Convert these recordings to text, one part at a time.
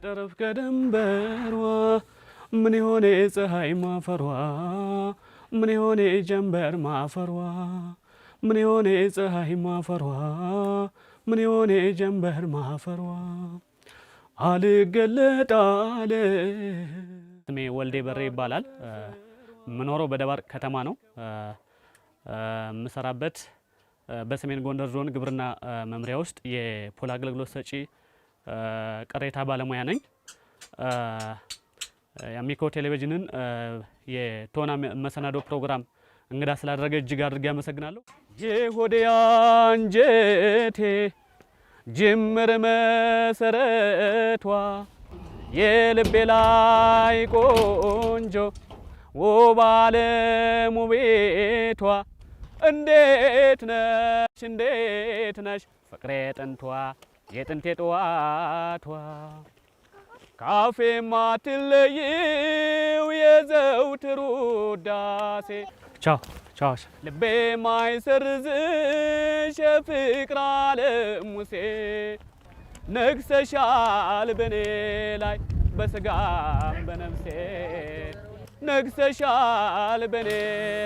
ከጠረፍ ከደንበሯ ምን የሆነ ፀሐይ ማፈሯ ምን የሆነ ጀንበር ማፈሯ ምን የሆነ ፀሐይ ማፈሯ ምን የሆነ ጀንበር ማፈሯ አልገለጣለ። ስሜ ወልዴ በሬ ይባላል። ምኖረው በደባርቅ ከተማ ነው። የምሰራበት በሰሜን ጎንደር ዞን ግብርና መምሪያ ውስጥ የፖል አገልግሎት ሰጪ ቅሬታ ባለሙያ ነኝ። የአሚኮ ቴሌቪዥንን የቶና መሰናዶ ፕሮግራም እንግዳ ስላደረገ እጅግ አድርጌ አመሰግናለሁ። የሆዴ አንጀቴ ጅምር መሰረቷ የልቤ ላይ ቆንጆ ውብ ቤቷ እንዴት ነሽ እንዴት ነሽ ፍቅሬ ጥንቷ የጥንቴ ጠዋቷ ካፌ ማትለይው የዘውትሩ ዳሴ ልቤ ማይሰርዝሽ የፍቅር ዓለም ሙሴ ነግሰሻል በኔ ላይ በስጋም በነፍሴ ነግሰሻል በኔ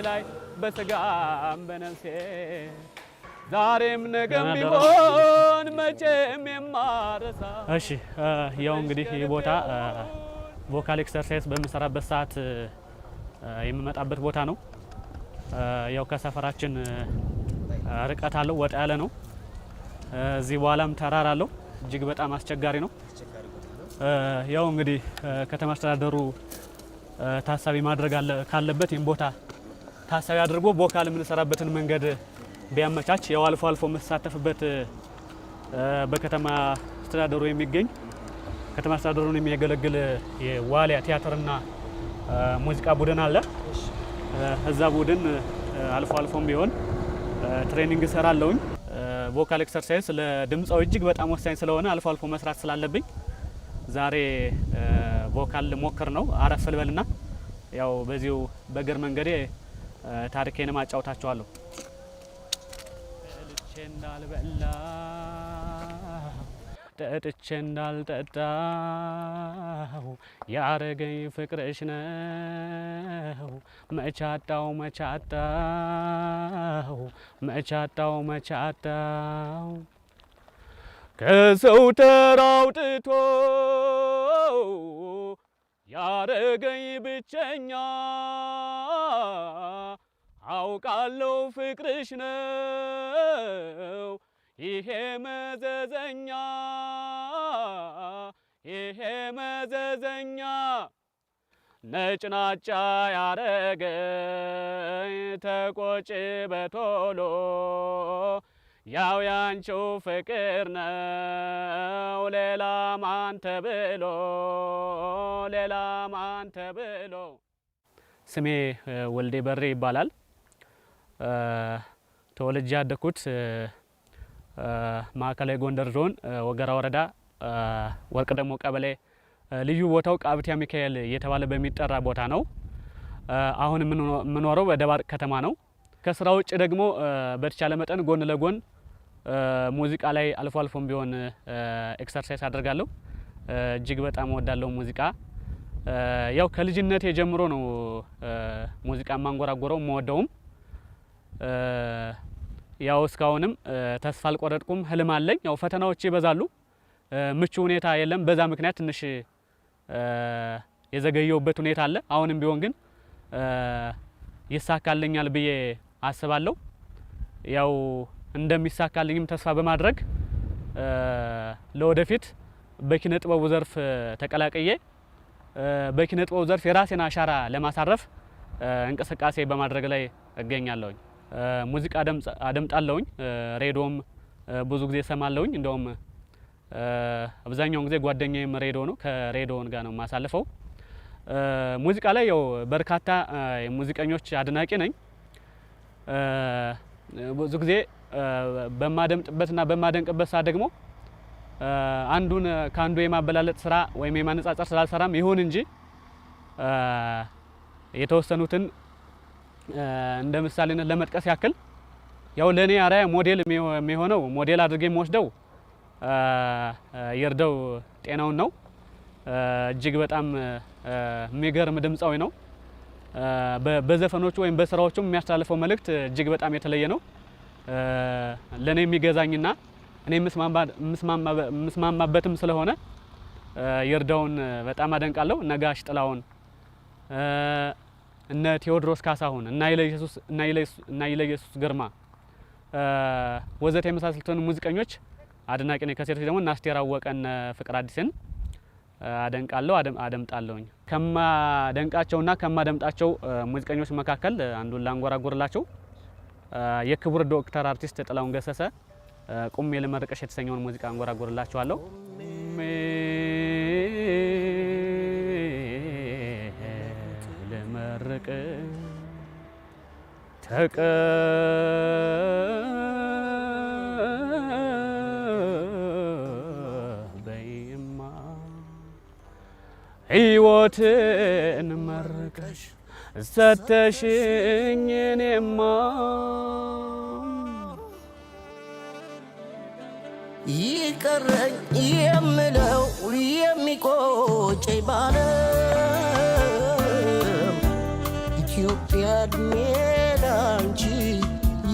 ላይ በስጋም በነፍሴ ዛሬም ነገም ቢሆን መቼም የማረሳ። እሺ ያው እንግዲህ ይህ ቦታ ቮካል ኤክሰርሳይዝ በምንሰራበት ሰዓት የምመጣበት ቦታ ነው። ያው ከሰፈራችን ርቀት አለው፣ ወጣ ያለ ነው። እዚህ በኋላም ተራራ አለው፣ እጅግ በጣም አስቸጋሪ ነው። ያው እንግዲህ ከተማ አስተዳደሩ ታሳቢ ማድረግ ካለበት ይህም ቦታ ታሳቢ አድርጎ ቮካል የምንሰራበትን መንገድ ቢያመቻች ያው አልፎ አልፎ የምትሳተፍበት በከተማ አስተዳደሩ የሚገኝ ከተማ አስተዳደሩን የሚያገለግል የዋሊያ ቲያትርና ሙዚቃ ቡድን አለ። እዛ ቡድን አልፎ አልፎም ቢሆን ትሬኒንግ እሰራለሁኝ። ቮካል ኤክሰርሳይዝ ለድምፃው እጅግ በጣም ወሳኝ ስለሆነ አልፎ አልፎ መስራት ስላለብኝ ዛሬ ቮካል ሞክር ነው አረፍ ልበልና ያው በዚሁ በእግር መንገዴ ታሪኬንም አጫውታችኋለሁ። ጠጥቼ እንዳልበላ ጠጥቼ እንዳልጠጣው ያረገኝ ፍቅርሽ ነው። መቻጣው መቻጣው መቻጣው መቻጣው ከሰው ተራውጥቶ ያረገኝ ብቸኛ አውቃለው ፍቅርሽ ነው ይሄ መዘዘኛ ይሄ መዘዘኛ ናጫ ያረገኝ ተቆጭ በቶሎ ያው ያንቺው ፍቅር ነው ሌላ ማን ተብሎ ሌላ ማን ተብሎ ስሜ ወልዴ በሬ ይባላል። ተወልጄ ያደኩት ማዕከላዊ ጎንደር ዞን ወገራ ወረዳ ወርቅ ደሞ ቀበሌ ልዩ ቦታው ቃብቲያ ሚካኤል እየተባለ በሚጠራ ቦታ ነው። አሁን የምኖረው በደባርቅ ከተማ ነው። ከስራ ውጭ ደግሞ በተቻለ መጠን ጎን ለጎን ሙዚቃ ላይ አልፎ አልፎም ቢሆን ኤክሰርሳይስ አደርጋለሁ። እጅግ በጣም ወዳለው ሙዚቃ። ያው ከልጅነቴ ጀምሮ ነው ሙዚቃ ማንጎራጎረው መወደውም ያው እስካሁንም ተስፋ አልቆረጥኩም፣ ህልም አለኝ። ያው ፈተናዎች ይበዛሉ፣ ምቹ ሁኔታ የለም። በዛ ምክንያት ትንሽ የዘገየውበት ሁኔታ አለ። አሁንም ቢሆን ግን ይሳካልኛል ብዬ አስባለሁ። ያው እንደሚሳካልኝም ተስፋ በማድረግ ለወደፊት በኪነ ጥበቡ ዘርፍ ተቀላቅዬ በኪነ ጥበቡ ዘርፍ የራሴን አሻራ ለማሳረፍ እንቅስቃሴ በማድረግ ላይ እገኛለሁኝ። ሙዚቃ አደምጣለውኝ ሬዲዮም ብዙ ጊዜ ሰማለውኝ። እንደውም አብዛኛውን ጊዜ ጓደኛዬም ሬዲዮ ነው። ከሬዲዮን ጋር ነው የማሳልፈው። ሙዚቃ ላይ ያው በርካታ ሙዚቀኞች አድናቂ ነኝ። ብዙ ጊዜ በማደምጥበትና በማደንቅበት ሰዓት ደግሞ አንዱን ከአንዱ የማበላለጥ ስራ ወይም የማነጻጸር ስላልሰራም ይሁን እንጂ የተወሰኑትን እንደ ምሳሌነት ለመጥቀስ ያክል ያው ለእኔ አርአያ ሞዴል የሚሆነው ሞዴል አድርጌ የምወስደው ይርዳው ጤናውን ነው። እጅግ በጣም የሚገርም ድምፃዊ ነው። በዘፈኖቹ ወይም በስራዎቹም የሚያስተላልፈው መልእክት እጅግ በጣም የተለየ ነው። ለእኔ የሚገዛኝና እኔ የምስማማበትም ስለሆነ የርዳውን በጣም አደንቃለሁ። ነጋሽ ጥላውን እነ ቴዎድሮስ ካሳሁን እና ይለየሱስ ግርማ ወዘተ የመሳሰሉትን ሙዚቀኞች አድናቂ ነኝ። ከሴቶች ደግሞ እናስቴር አወቀን ፍቅር አዲስን አደንቃለሁ፣ አደምጣለሁኝ። ከማደንቃቸውና ከማደምጣቸው ሙዚቀኞች መካከል አንዱን ላንጎራጉርላቸው የክቡር ዶክተር አርቲስት ጥላሁን ገሰሰ ቁሜ ልመርቅሽ የተሰኘውን ሙዚቃ አንጎራጉርላችኋለሁ። ታረቀ ተቀበይማ ሕይወትን መርቀሽ ሰተሽኝ እኔማ ይቀረኝ የምለው የሚቆጨኝ ባለ ኢትዮጵያ እድሜ ላንቺ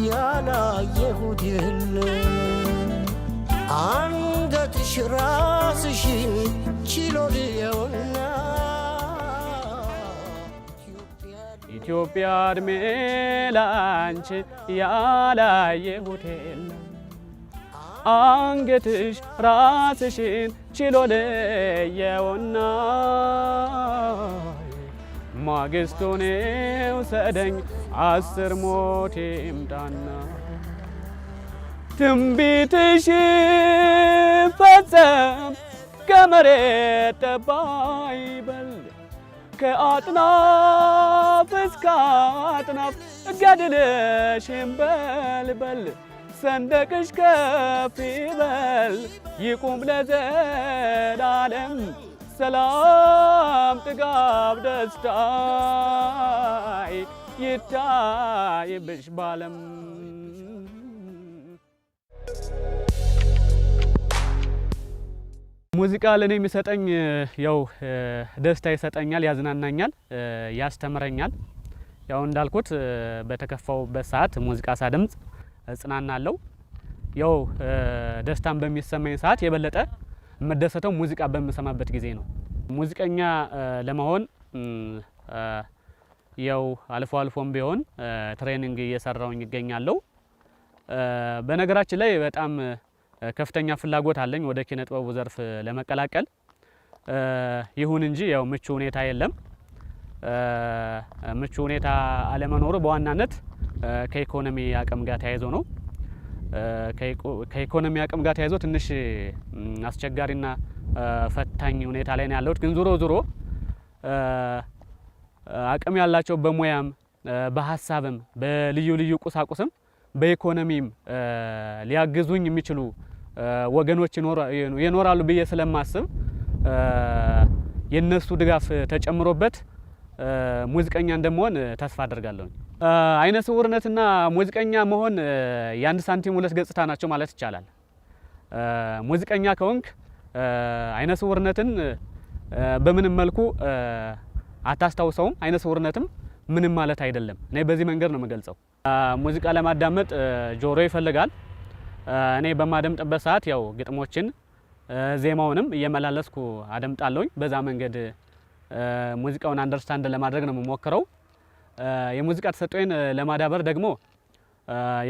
ያላየሁት የለም። አንገትሽ ራስሽን ችሎልየውና ኢትዮጵያ እድሜ ላንቺ ያላየሁት የለም። አንገትሽ ራስሽን ችሎልየውና ማግስቱን ውሰደኝ አስር ሞቴ እምጣና ትንቢትሽ ፈጸም ከመሬት ጠባይ በል ከአጥናፍ እስከ አጥናፍ ገድልሽን በል ሰንደቅሽ ከፍ በል ይቁም ለዘላለም ሰላም፣ ጥጋብ፣ ደስታ ይታይብሽ ባለም ሙዚቃ ለእኔ የሚሰጠኝ ያው ደስታ ይሰጠኛል፣ ያዝናናኛል፣ ያስተምረኛል። ያው እንዳልኩት በተከፋውበት ሰዓት ሙዚቃ ሳድምጽ እጽናናለሁ። ያው ደስታን በሚሰማኝ ሰዓት የበለጠ የምደሰተው ሙዚቃ በምሰማበት ጊዜ ነው። ሙዚቀኛ ለመሆን ያው አልፎ አልፎም ቢሆን ትሬኒንግ እየሰራውኝ ይገኛለሁ። በነገራችን ላይ በጣም ከፍተኛ ፍላጎት አለኝ ወደ ኪነ ጥበቡ ዘርፍ ለመቀላቀል። ይሁን እንጂ ያው ምቹ ሁኔታ የለም። ምቹ ሁኔታ አለመኖሩ በዋናነት ከኢኮኖሚ አቅም ጋር ተያይዞ ነው። ከኢኮኖሚ አቅም ጋር ተያይዞ ትንሽ አስቸጋሪና ፈታኝ ሁኔታ ላይ ነው ያለሁት። ግን ዞሮ ዞሮ አቅም ያላቸው በሙያም በሀሳብም በልዩ ልዩ ቁሳቁስም በኢኮኖሚም ሊያግዙኝ የሚችሉ ወገኖች ይኖራሉ ብዬ ስለማስብ የነሱ ድጋፍ ተጨምሮበት ሙዚቀኛ እንደመሆን ተስፋ አደርጋለሁ። አይነ ስውርነትና ሙዚቀኛ መሆን የአንድ ሳንቲም ሁለት ገጽታ ናቸው ማለት ይቻላል። ሙዚቀኛ ከሆንክ አይነ ስውርነትን በምንም መልኩ አታስታውሰውም። አይነ ስውርነትም ምንም ማለት አይደለም። እኔ በዚህ መንገድ ነው የምገልጸው። ሙዚቃ ለማዳመጥ ጆሮ ይፈልጋል። እኔ በማደምጥበት ሰዓት ያው ግጥሞችን ዜማውንም እየመላለስኩ አደምጣለሁኝ በዛ መንገድ ሙዚቃውን አንደርስታንድ ለማድረግ ነው የምሞክረው። የሙዚቃ ተሰጥኦን ለማዳበር ደግሞ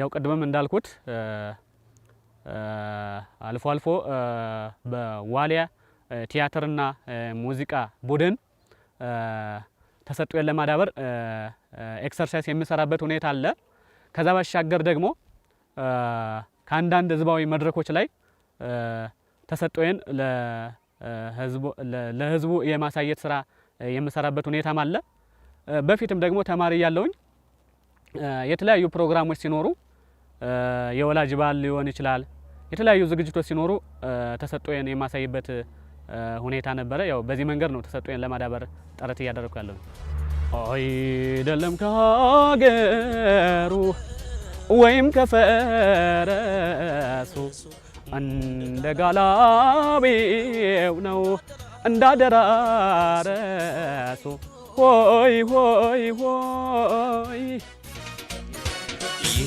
ያው ቅድምም እንዳልኩት አልፎ አልፎ በዋሊያ ቲያትርና ሙዚቃ ቡድን ተሰጥኦን ለማዳበር ኤክሰርሳይዝ የምሰራበት ሁኔታ አለ። ከዛ ባሻገር ደግሞ ከአንዳንድ ህዝባዊ መድረኮች ላይ ተሰጥኦን ለህዝቡ የማሳየት ስራ የምሰራበት ሁኔታም አለ። በፊትም ደግሞ ተማሪ ያለውኝ የተለያዩ ፕሮግራሞች ሲኖሩ የወላጅ በዓል ሊሆን ይችላል፣ የተለያዩ ዝግጅቶች ሲኖሩ ተሰጦን የማሳይበት ሁኔታ ነበረ። ያው በዚህ መንገድ ነው ተሰጦን ለማዳበር ጥረት እያደረኩ ያለው። አይደለም ከሀገሩ ወይም ከፈረሱ እንደ ጋላቤው ነው እንዳደራረሱ ሆይ ሆይ ሆይ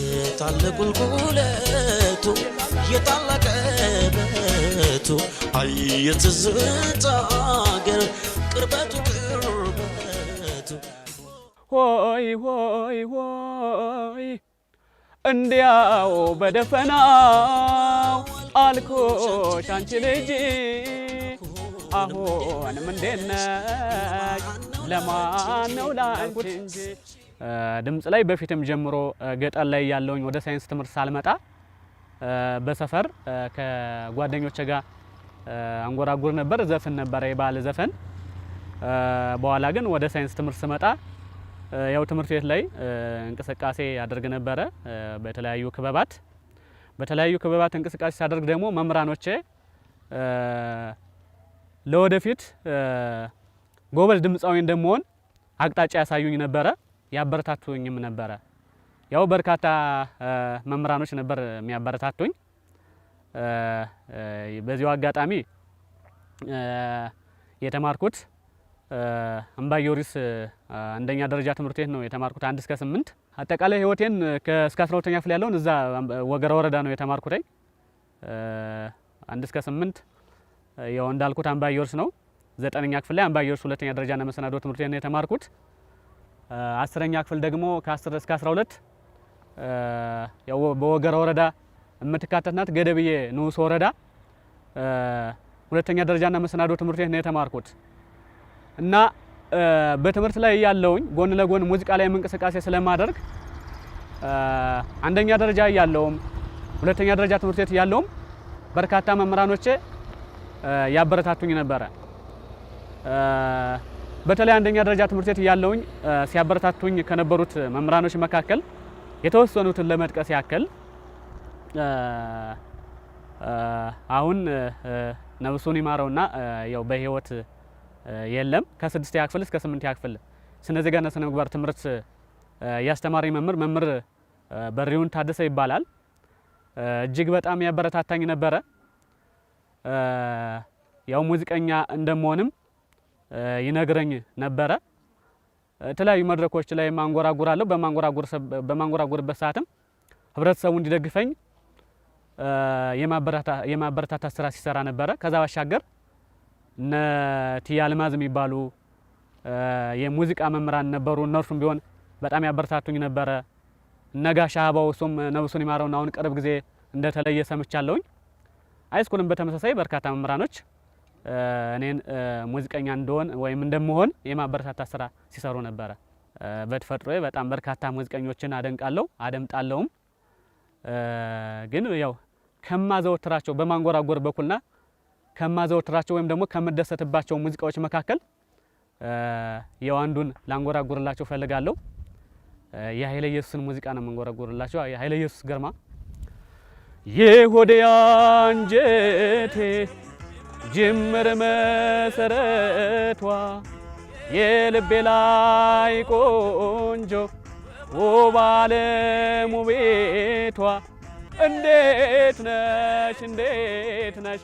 የታለ ቁልቁለቱ የታላቀ በቱ አይ የትዝታ አገር ቅርበቱ ቅርበቱ ሆይ ሆይ ሆይ እንዲያው በደፈና አልኩሽ አንቺ ልጅ አሁን እንዴት ለማን ነው ላንቺ እንጂ ድምፅ ላይ በፊትም ጀምሮ ገጠር ላይ ያለውኝ ወደ ሳይንስ ትምህርት ሳልመጣ በሰፈር ከጓደኞች ጋር አንጎራጉር ነበር፣ ዘፍን ነበረ የባህል ዘፈን። በኋላ ግን ወደ ሳይንስ ትምህርት ስመጣ ያው ትምህርት ቤት ላይ እንቅስቃሴ ያደርግ ነበረ በተለያዩ ክበባት በተለያዩ ክበባት እንቅስቃሴ ሳደርግ ደግሞ መምህራኖቼ ለወደፊት ጎበዝ ድምፃዊ እንደመሆን አቅጣጫ ያሳዩኝ ነበረ፣ ያበረታቱኝም ነበረ። ያው በርካታ መምህራኖች ነበር የሚያበረታቱኝ። በዚሁ አጋጣሚ የተማርኩት አምባ አንደኛ ደረጃ ትምህርት ቤት ነው የተማርኩት አንድ እስከ ስምንት አጠቃላይ ህይወቴን እስከ አስራ ሁለተኛ ክፍል ያለውን እዛ ወገራ ወረዳ ነው የተማርኩት። አንድ እስከ ስምንት ያው እንዳልኩት አምባ ነው። ዘጠነኛ ክፍል ላይ አምባ ሁለተኛ ደረጃና መሰናዶ ትምህርት ቤት ነው የተማርኩት። አስረኛ ክፍል ደግሞ ከ10 እስከ 12 ያው በወገራ ወረዳ የምትካተት ናት። ገደብዬ ንዑስ ወረዳ ሁለተኛ ደረጃና መሰናዶ ትምህርት ቤት ነው የተማርኩት። እና በትምህርት ላይ እያለሁኝ ጎን ለጎን ሙዚቃ ላይ እንቅስቃሴ ስለማደርግ አንደኛ ደረጃ ያለውም ሁለተኛ ደረጃ ትምህርት ቤት ያለውም በርካታ መምህራኖቼ ያበረታቱኝ ነበረ። በተለይ አንደኛ ደረጃ ትምህርት ቤት እያለሁኝ ሲያበረታቱኝ ከነበሩት መምህራኖች መካከል የተወሰኑትን ለመጥቀስ ያክል አሁን ነብሱን ይማረውና ያው በህይወት የለም። ከስድስት ያክፍል እስከ ስምንተኛ ያክፍል ስነ ዜጋና ስነ ምግባር ትምህርት ያስተማሪ መምህር መምህር በሪውን ታደሰ ይባላል። እጅግ በጣም ያበረታታኝ ነበረ። ያው ሙዚቀኛ እንደመሆንም ይነግረኝ ነበረ። የተለያዩ መድረኮች ላይ ማንጎራጉራለሁ። በማንጎራጉርበት ሰዓትም ህብረተሰቡ እንዲደግፈኝ የማበረታታት ስራ ሲሰራ ነበረ። ከዛ ባሻገር እነ እትዬ አልማዝ የሚባሉ የሙዚቃ መምህራን ነበሩ። እነርሱም ቢሆን በጣም ያበረታቱኝ ነበረ። ነጋሻ ጋሻ አበባው እሱም ነብሱን ይማረውና አሁን ቅርብ ጊዜ እንደተለየ ሰምቻለሁኝ። ሃይስኩልም በተመሳሳይ በርካታ መምህራኖች እኔን ሙዚቀኛ እንደሆን ወይም እንደምሆን የማበረታታ ስራ ሲሰሩ ነበረ። በተፈጥሮ በጣም በርካታ ሙዚቀኞችን አደንቃለሁ አደምጣለሁም። ግን ያው ከማዘወትራቸው በማንጎራጎር በኩልና ከማዘወትራቸው ወይም ደግሞ ከምደሰትባቸው ሙዚቃዎች መካከል የዋንዱን አንዱን ላንጎራጉርላቸው ፈልጋለሁ። የኃይለ ኢየሱስን ሙዚቃ ነው የምንጎራጉርላቸው። የኃይለ ኢየሱስ ግርማ የሆዴ አንጀቴ ጅምር መሰረቷ የልቤ ላይ ቆንጆ ውብ ዓለሙ ቤቷ እንዴት ነሽ እንዴት ነሽ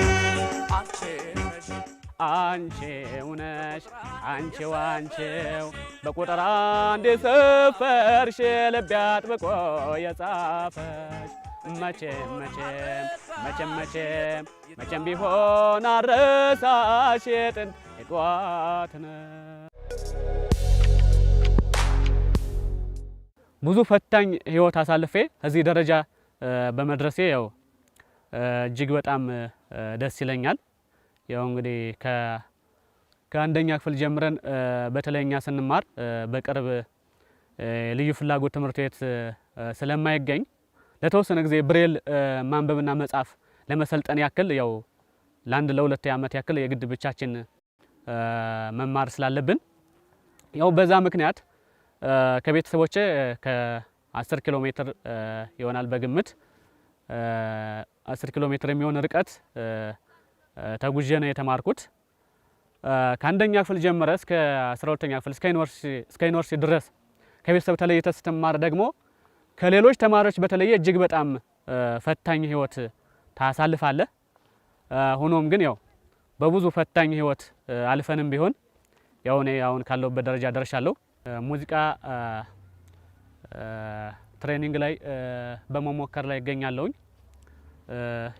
አንቺው ነሽ አንቺው አንቺው በቁጥር አንድ የሰፈርሽ ልቤ አጥብቆ የጻፈሽ መቼም መቼም መቼም መቼም መቼም ቢሆን አረሳሽ የጥንት የጧት ብዙ ፈታኝ ህይወት አሳልፌ እዚህ ደረጃ በመድረሴ ያው እጅግ በጣም ደስ ይለኛል። ያው እንግዲህ ከአንደኛ ክፍል ጀምረን በተለይ እኛ ስንማር በቅርብ ልዩ ፍላጎት ትምህርት ቤት ስለማይገኝ ለተወሰነ ጊዜ ብሬል ማንበብና መጻፍ ለመሰልጠን ያክል ያው ለአንድ ለሁለት ዓመት ያክል የግድ ብቻችን መማር ስላለብን ያው በዛ ምክንያት ከቤተሰቦቼ ከ10 ኪሎ ሜትር ይሆናል በግምት 10 ኪሎ ሜትር የሚሆን ርቀት ተጉዤ ነው የተማርኩት። ከአንደኛ ክፍል ጀምረ እስከ 12ኛ ክፍል እስከ ዩኒቨርሲቲ ድረስ ከቤተሰብ ተለይተ ስትማር ደግሞ ከሌሎች ተማሪዎች በተለየ እጅግ በጣም ፈታኝ ህይወት ታሳልፋለህ። ሆኖም ግን ያው በብዙ ፈታኝ ህይወት አልፈንም ቢሆን ያው እኔ አሁን ካለሁበት ደረጃ ደርሻለሁ። ሙዚቃ ትሬኒንግ ላይ በመሞከር ላይ ይገኛለሁኝ።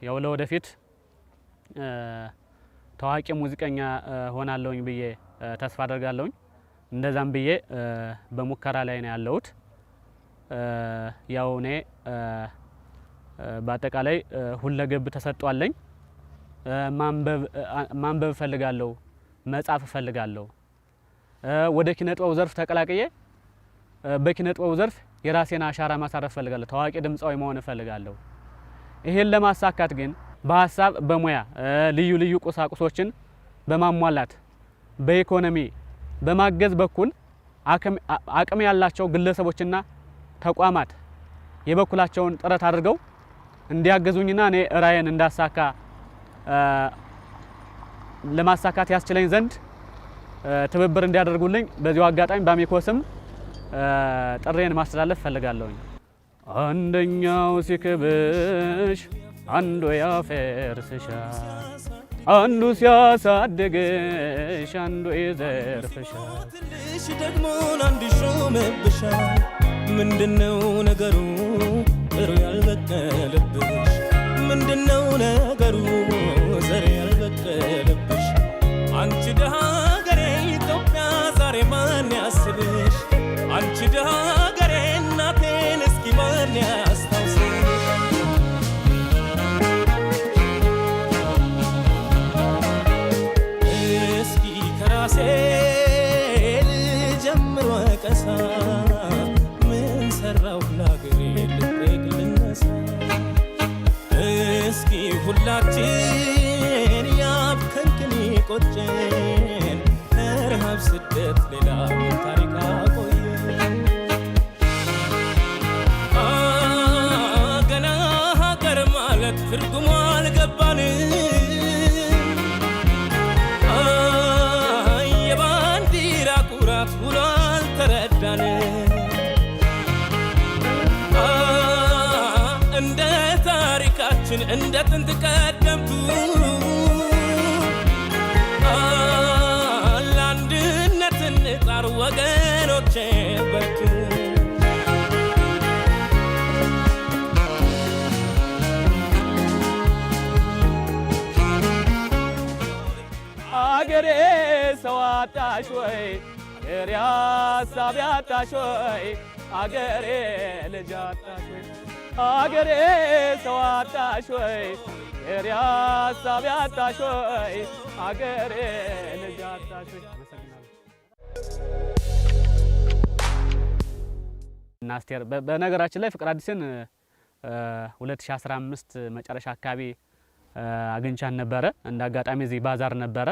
ያው ለወደፊት ታዋቂ ሙዚቀኛ ሆናለሁኝ ብዬ ተስፋ አደርጋለሁኝ። እንደዛም ብዬ በሙከራ ላይ ነው ያለሁት። ያው እኔ በአጠቃላይ ሁለገብ ተሰጥቷለኝ። ማንበብ እፈልጋለሁ፣ መጻፍ እፈልጋለሁ። ወደ ኪነ ጥበቡ ዘርፍ ተቀላቅዬ በኪነ ጥበቡ ዘርፍ የራሴን አሻራ ማሳረፍ እፈልጋለሁ። ታዋቂ ድምፃዊ መሆን እፈልጋለሁ። ይሄን ለማሳካት ግን በሀሳብ በሙያ ልዩ ልዩ ቁሳቁሶችን በማሟላት በኢኮኖሚ በማገዝ በኩል አቅም ያላቸው ግለሰቦችና ተቋማት የበኩላቸውን ጥረት አድርገው እንዲያገዙኝና እኔ ራዕይን እንዳሳካ ለማሳካት ያስችለኝ ዘንድ ትብብር እንዲያደርጉልኝ በዚሁ አጋጣሚ በአሚኮ ስም ጥሬን ማስተላለፍ ፈልጋለሁኝ አንደኛው ሲክብሽ አንዱ ያፈርስሻል፣ አንዱ ሲያሳድግሽ፣ አንዱ ይዘርፍሻል፣ ትልሽ ደግሞ አንድ ይሾምብሻል። ምንድነው ነገሩ ጥሩ ያልበቀለብሽ? ምንድነው ነገሩ ዘር ያልበቀለብሽ? አንቺ ደሃ ሀገሬ ኢትዮጵያ ዛሬ ማን ያስብሽ? አንቺ ደሃ ምክንያት ሁኗል ተረዳን እንደ ታሪካችን እንደ ጥንት ቀደምቱ ለአንድነት እንጣር ወገኖቼ በርቱ አገሬ ሰው አጣሽ ወይ ፍቅር ያሳብ ያጣሽ ወይ አገሬ ልጅ አጣሽ ወይ አገሬ ሰው አጣሽ ወይ ፍቅር ያሳብ ያጣሽ ወይ አገሬ ልጅ አጣሽ ወይ። እና አስቴር በነገራችን ላይ ፍቅር አዲስን 2015 መጨረሻ አካባቢ አግኝቻን ነበረ። እንደ አጋጣሚ እዚህ ባዛር ነበረ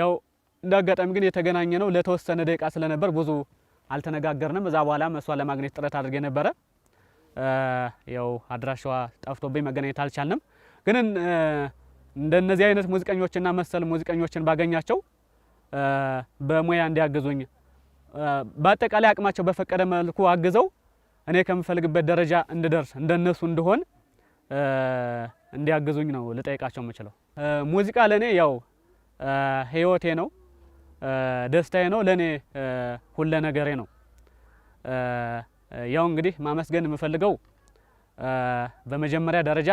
ያው እንደ አጋጣሚ ግን የተገናኘ ነው ለተወሰነ ደቂቃ ስለነበር ብዙ አልተነጋገርንም። እዛ በኋላ እሷን ለማግኘት ጥረት አድርጌ ነበረ። ያው አድራሻዋ ጠፍቶብኝ መገናኘት አልቻልንም። ግን እንደነዚህ አይነት ሙዚቀኞችና መሰል ሙዚቀኞችን ባገኛቸው በሙያ እንዲያግዙኝ በአጠቃላይ አቅማቸው በፈቀደ መልኩ አግዘው እኔ ከምፈልግበት ደረጃ እንድደርስ እንደነሱ እንድሆን እንዲያግዙኝ ነው ልጠይቃቸው የምችለው። ሙዚቃ ለእኔ ያው ህይወቴ ነው። ደስታዬ ነው፣ ለእኔ ሁለ ነገሬ ነው። ያው እንግዲህ ማመስገን የምፈልገው በመጀመሪያ ደረጃ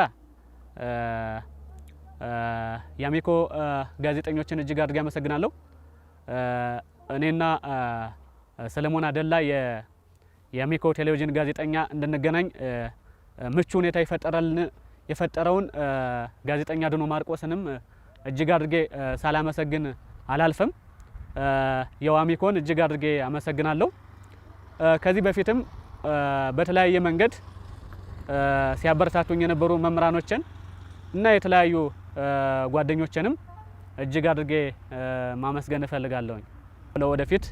የአሚኮ ጋዜጠኞችን እጅግ አድርጌ አመሰግናለሁ። እኔና ሰለሞን አደላ የአሚኮ ቴሌቪዥን ጋዜጠኛ እንድንገናኝ ምቹ ሁኔታ የፈጠረውን ጋዜጠኛ ድኖ ማርቆስንም እጅግ አድርጌ ሳላመሰግን አላልፈም። የዋሚኮን እጅግ አድርጌ አመሰግናለሁ። ከዚህ በፊትም በተለያየ መንገድ ሲያበረታቱኝ የነበሩ መምህራኖችን እና የተለያዩ ጓደኞችንም እጅግ አድርጌ ማመስገን እፈልጋለሁኝ። ለወደፊት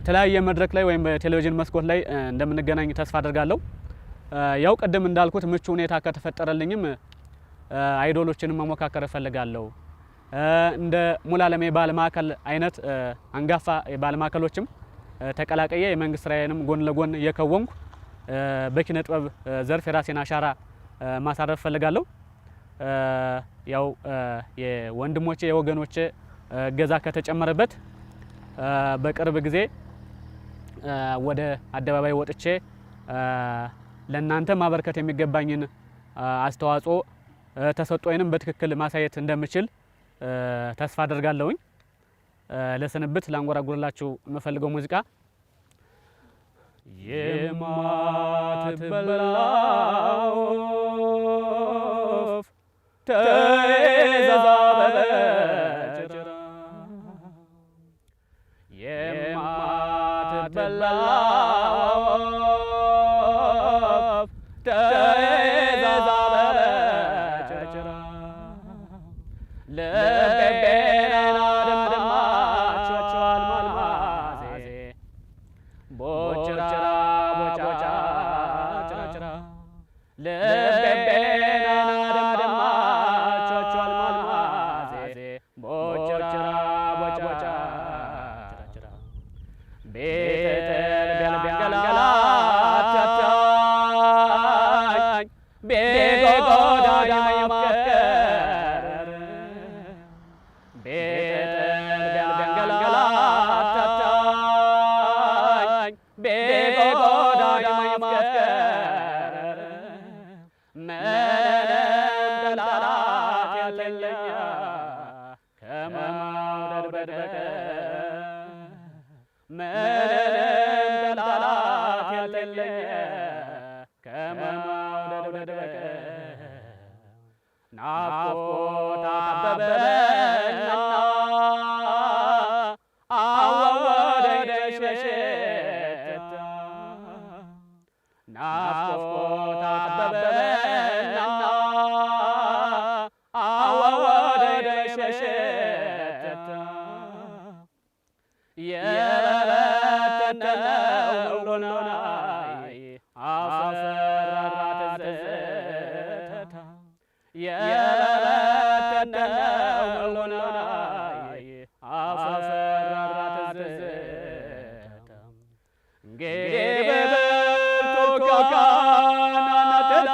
የተለያየ መድረክ ላይ ወይም በቴሌቪዥን መስኮት ላይ እንደምንገናኝ ተስፋ አድርጋለሁ። ያው ቅድም እንዳልኩት ምቹ ሁኔታ ከተፈጠረልኝም አይዶሎችንም መሞካከር እፈልጋለሁ። እንደ ሙላለም የባል ማዕከል አይነት አንጋፋ የባህል ማዕከሎችም ተቀላቀየ የመንግስት ስራዬንም ጎን ለጎን እየከወንኩ በኪነ ጥበብ ዘርፍ የራሴን አሻራ ማሳረፍ ፈልጋለሁ። ያው የወንድሞቼ የወገኖቼ እገዛ ከተጨመረበት በቅርብ ጊዜ ወደ አደባባይ ወጥቼ ለእናንተ ማበርከት የሚገባኝን አስተዋጽኦ ተሰጥኦዬንም በትክክል ማሳየት እንደምችል ተስፋ አደርጋለሁኝ። ለስንብት ላንጎራጉርላችሁ የምፈልገው ሙዚቃ የማትበላው bam, bam, bam. 啊哦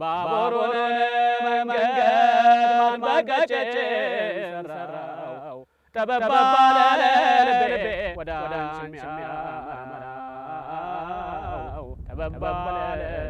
ባቡሩን መንገድ ማንባቀጨጭ ሰራው ጠበብ ልቤ ወደ አንቺ የሚያመራው ጠበብ